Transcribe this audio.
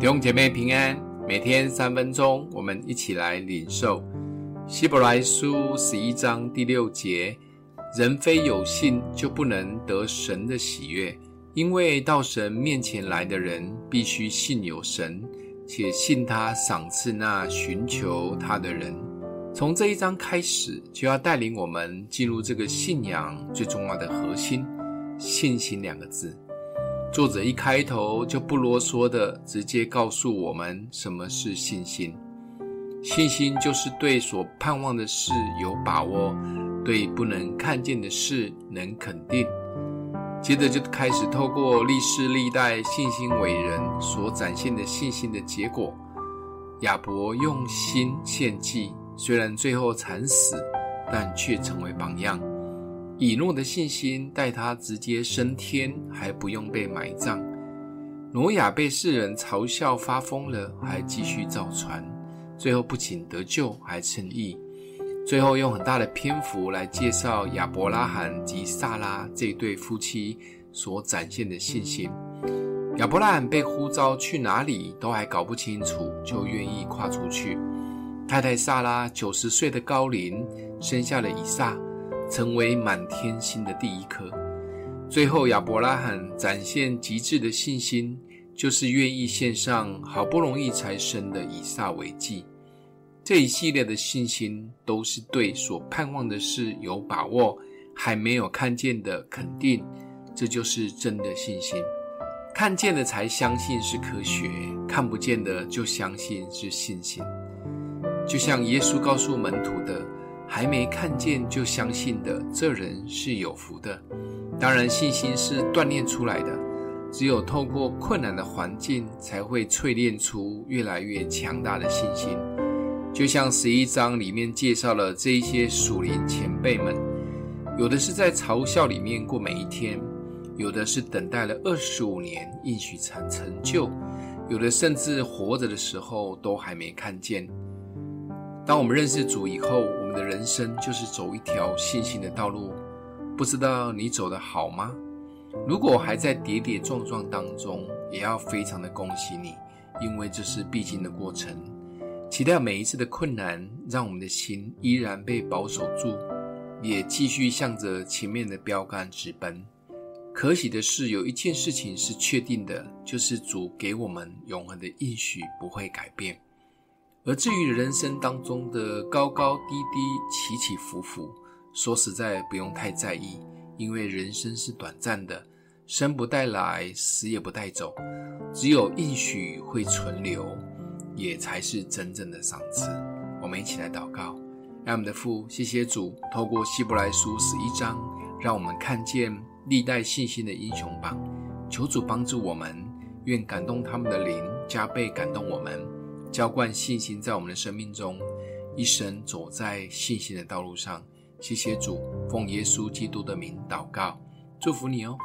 弟兄姐妹平安，每天三分鐘，我們一起來領受希伯來書十一章第六節：人非有信，就不能得神的喜悅，因為到神面前來的人，必須信有神，且信他賞賜那尋求他的人。從這一章開始，就要帶領我們進入這個信仰最重要的核心——信心兩個字。作者一開頭就不囉嗦的，直接告訴我們什麼是信心。信心就是對所盼望的事有把握，對不能看見的事能肯定。接着就開始透過歷世歷代信心偉人所展現的信心的結果。亞伯用心獻祭，雖然最後慘死，但卻成為榜樣。以諾的信心帶他直接升天，還不用被埋葬。挪亞被世人嘲笑發瘋了，還繼續造船，最後不僅得救，還稱義。最後用很大的篇幅來介紹亞伯拉罕及撒拉這對夫妻所展現的信心。亞伯拉罕被呼召去哪裡都還搞不清楚，就願意跨出去。太太撒拉九十歲的高齡生下了以撒成為滿天星的第一顆。最後，亞伯拉罕展現極致的信心，就是願意獻上好不容易才生的以撒為祭。這一系列的信心，都是對所盼望的事有把握，還沒有看見的肯定。這就是真的信心。看見了才相信是科學，看不見的就相信是信心。就像耶穌告訴門徒的，還沒看見就相信的，這人是有福的。當然，信心是鍛鍊出來的，只有透過困難的環境，才會淬煉出越來越強大的信心。就像十一章裡面介紹了這一些屬靈前輩們，有的是在嘲笑裡面過每一天，有的是等待了二十五年應許才成、成就，有的甚至活着的時候都還沒看見。當我們認識主以後，我們的人生就是走一條信心的道路。不知道你走得好嗎？如果還在跌跌撞撞當中，也要非常的恭喜你，因為這是必經的過程。期待每一次的困難，讓我們的心依然被保守住，也繼續向着前面的標桿直奔。可喜的是，有一件事情是確定的，就是主給我們永恆的應許不會改變。而至於人生當中的高高低低、起起伏伏，說實在不用太在意，因為人生是短暫的，生不帶來，死也不帶走，只有應許會存留，也才是真正的賞賜。我們一起來禱告，愛我們的父，謝謝主，透過希伯來書十一章，讓我們看見歷代信心的英雄榜，求主幫助我們，願感動他們的靈，加倍感動我們。澆灌信心在我們的生命中，一生走在信心的道路上。謝謝主，奉耶穌基督的名禱告，祝福你哦。